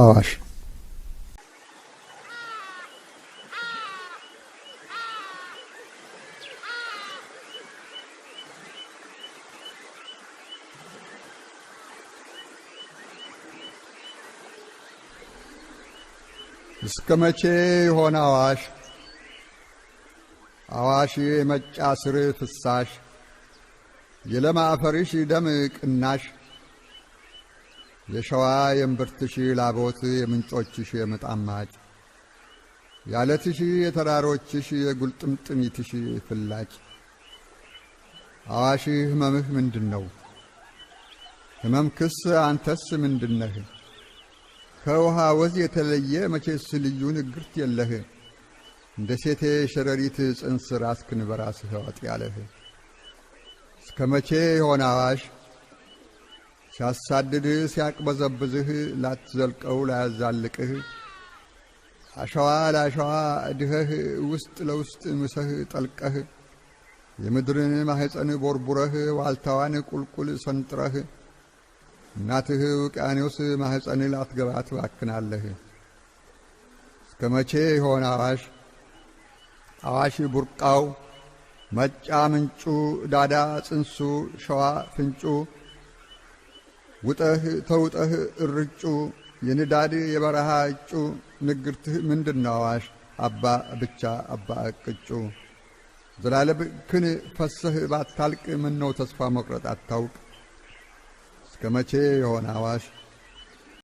አዋሽ እስከ መቼ ይሆን አዋሽ አዋሽ የመጫ ስር ፍሳሽ የለማ አፈርሽ ደም ቅናሽ የሸዋ የእምብርትሽ ላቦት የምንጮችሽ የምጣማጭ ያለትሽ የተራሮችሽ የጉልጥምጥሚትሽ ፍላጭ አዋሽ ህመምህ ምንድን ነው? ክስ አንተስ ምንድነህ? ከውሃ ወዝ የተለየ መቼስ ልዩ ንግርት የለህ። እንደ ሴቴ ሸረሪት ጽንስ ራስክን በራስህ ያለህ እስከ መቼ ይሆን አዋሽ ሲያሳድድህ ሲያቅበዘብዝህ ላትዘልቀው ላያዛልቅህ አሸዋ ለአሸዋ ድኸህ ውስጥ ለውስጥ ምሰህ ጠልቀህ የምድርን ማሕፀን ቦርቡረህ ዋልታዋን ቁልቁል ሰንጥረህ እናትህ ውቅያኖስ ማሕፀን ላትገባ ትባክናለህ። እስከ መቼ ይሆን አዋሽ አዋሽ ቡርቃው መጫ ምንጩ ዳዳ ጽንሱ ሸዋ ፍንጩ ውጠህ ተውጠህ እርጩ የንዳድ የበረሃ እጩ ንግርትህ ምንድናዋሽ አዋሽ አባ ብቻ አባ እቅጩ? ዘላለም ክን ፈሰህ ባታልቅ ምነው ተስፋ መቁረጥ አታውቅ እስከ መቼ የሆነ አዋሽ